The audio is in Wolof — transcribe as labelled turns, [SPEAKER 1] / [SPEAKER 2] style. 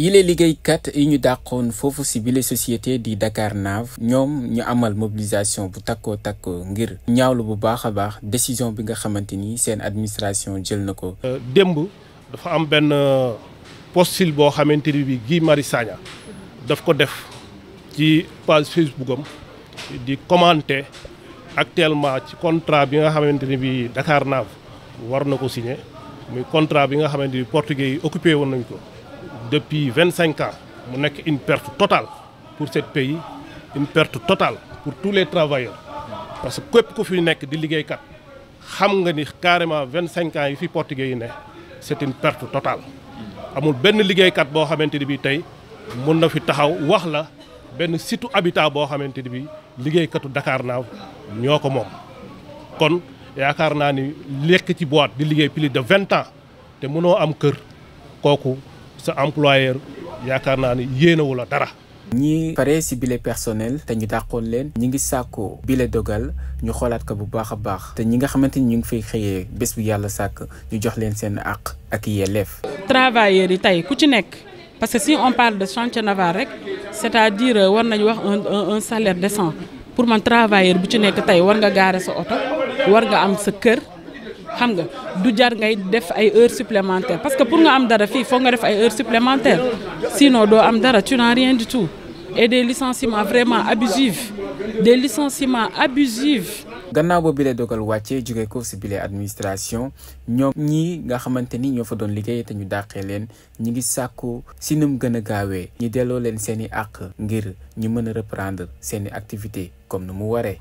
[SPEAKER 1] yile liggéeykat yi ñu dàqoon foofu ci bile société di Dakarnave ñoom ñu amal mobilisation bu takkoo takkoo ngir ñaawlu bu baax a baax décision
[SPEAKER 2] bi nga xamante ni seen administration jël na ko. Euh, démb dafa am benn euh, postule boo xamante ni bi gi Marius Sagna daf ko def ci page Facebook di commenter. actuellement ci contrat bi nga xamante ni bi Dakar Nav war na ko signé muy contrat bi nga xamante ni portugais yi occupé woon nañ ko depuis vingt cinq ans mu nekk une perte totale pour ce pays une perte totale pour tous les travailleurs parce que képp ku fi nekk di liggéeykat xam nga ni carrément vingt cinq ans yi fi portugais yi ne c'est une perte totale amul benn liggéeykat boo xamante ni bii tey mun na fi taxaw wax la benn situ habitat boo xamante ni bi liggéeykatu Dakar naa ñoo ko moom kon yaakaar naa ni lekk ci boîte di liggéey plus de vingt ans te mënoo am kër kooku sa employeur yaakaar naa ni yéenewu la dara
[SPEAKER 1] ñi pare ci bile personnel te ñu dàqoon leen ñu ngi sàkkoo bile dogal ñu xoolaat ko bu baax a baax te ñi nga xamante ni ñu ngi fay xëyee bés bu yàlla sàkk ñu jox leen seen àq ak yelleef
[SPEAKER 3] travailleurs yi tey ku ci nekk parce si on de chantier naval rek c'est-à-dire euh, war nañ wax un un salaire décent pour man travailleur bu ci nekk tey war nga gaare sa oto war nga am sa kër xam nga du jar ngay def ay heure supplémentaires parce que pour nga am dara fii foog nga def ay heures supplémentaires sinon doo am dara tu n'as rien du tout et des licenciements vraiment
[SPEAKER 1] abusifs des licenciements abusifs gannaaw ba bile dogal wàcce jóge ko si bile administration ñoom ñii nga xamante ni ñoo fa doon liggéey te ñu dàqee leen ñi ngi sàkku si nu mu gën a gaawee ñi delloo leen seeni àq ngir ñu mën a reprendre seeni activité comme nu mu waree.